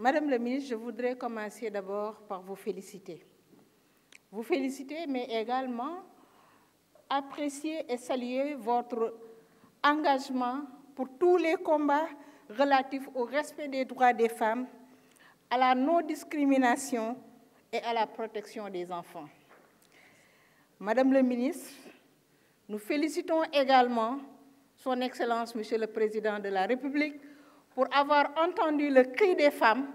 Madame la ministre, je voudrais commencer d'abord par vous féliciter. Vous féliciter, mais également apprécier et saluer votre engagement pour tous les combats relatifs au respect des droits des femmes, à la non-discrimination et à la protection des enfants. Madame la ministre, nous félicitons également son Excellence, Monsieur le Président de la République, pour avoir entendu le cri des femmes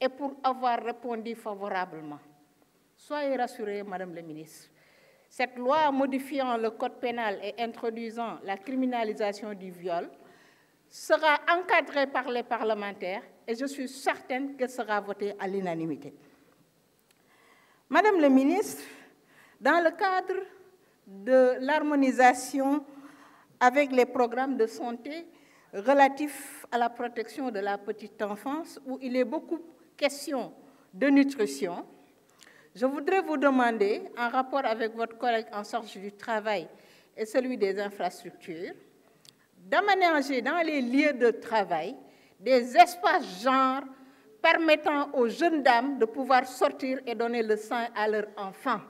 et pour avoir répondu favorablement. Soyez rassurés, Madame la Ministre. Cette loi modifiant le code pénal et introduisant la criminalisation du viol sera encadrée par les parlementaires et je suis certaine qu'elle sera votée à l'unanimité. Madame la ministre, dans le cadre de l'harmonisation avec les programmes de santé, relatif à la protection de la petite enfance, où il est beaucoup question de nutrition, je voudrais vous demander, en rapport avec votre collègue en charge du travail et celui des infrastructures, d'aménager dans les lieux de travail des espaces genre permettant aux jeunes dames de pouvoir sortir et donner le sein à leur enfant.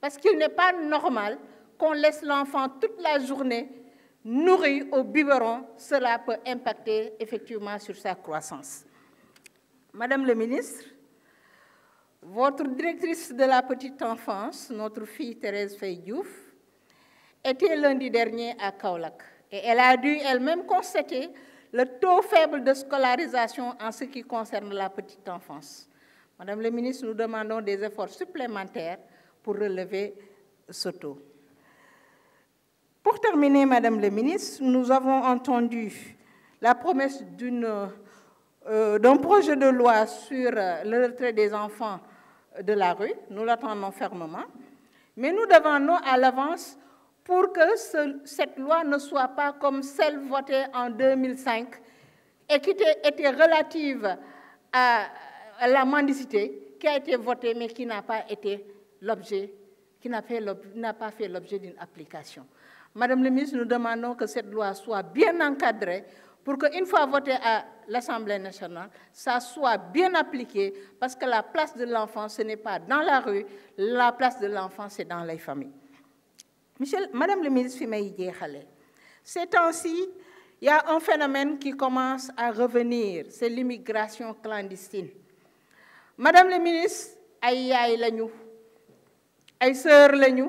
Parce qu'il n'est pas normal qu'on laisse l'enfant toute la journée nourri au biberon, cela peut impacter effectivement sur sa croissance. Madame le ministre, votre directrice de la petite enfance, notre fille Thérèse Feydiouf, était lundi dernier à Kaolak et elle a dû elle-même constater le taux faible de scolarisation en ce qui concerne la petite enfance. Madame le ministre, nous demandons des efforts supplémentaires pour relever ce taux. Pour terminer, Madame la Ministre, nous avons entendu la promesse euh, d'un projet de loi sur euh, le retrait des enfants de la rue. Nous l'attendons fermement. Mais nous devons nous à l'avance pour que cette loi ne soit pas comme celle votée en 2005 et qui était relative à, à la mendicité, qui a été votée mais qui n'a pas été l'objet, qui n'a pas fait l'objet d'une application. Madame le ministre, nous demandons que cette loi soit bien encadrée pour qu'une fois votée à l'Assemblée nationale, ça soit bien appliqué, parce que la place de l'enfant, ce n'est pas dans la rue, la place de l'enfant, c'est dans les familles. Michel, Madame le ministre ces temps-ci, il y a un phénomène qui commence à revenir, c'est l'immigration clandestine. Madame le ministre, ay lañu ay sœur lañu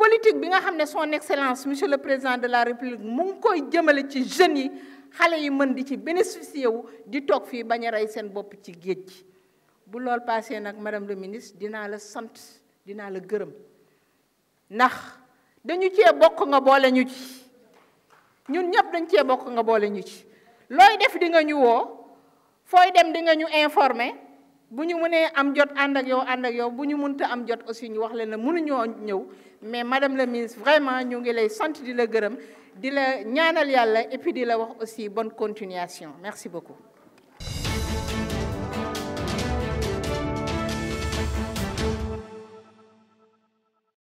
politique bi nga xam ne son excellence monsieur le président de la république mu ngi koy jëmale ci jeunes yi xale yi mën di ci bénéficier wu di toog fii bañ a seen bopp ci géej gi bu lool passé nag madame le ministre dinaa la sant dinaa la gërëm ndax dañu cee bokk nga boole ñu ci ñun ñëpp dañ cee bokk nga boole ñu ci looy def di nga ñu woo fooy dem di nga ñu informer buñu ñu am jot ànd ak yow ànd ak yow buñu ñu am jot aussi ñu wax leen ne mënuñoo ñëw mais madame la ministre vraiment ñu ngi lay sant di la gërëm di la ñaanal yàlla et puis di la wax aussi bonne continuation merci beaucoup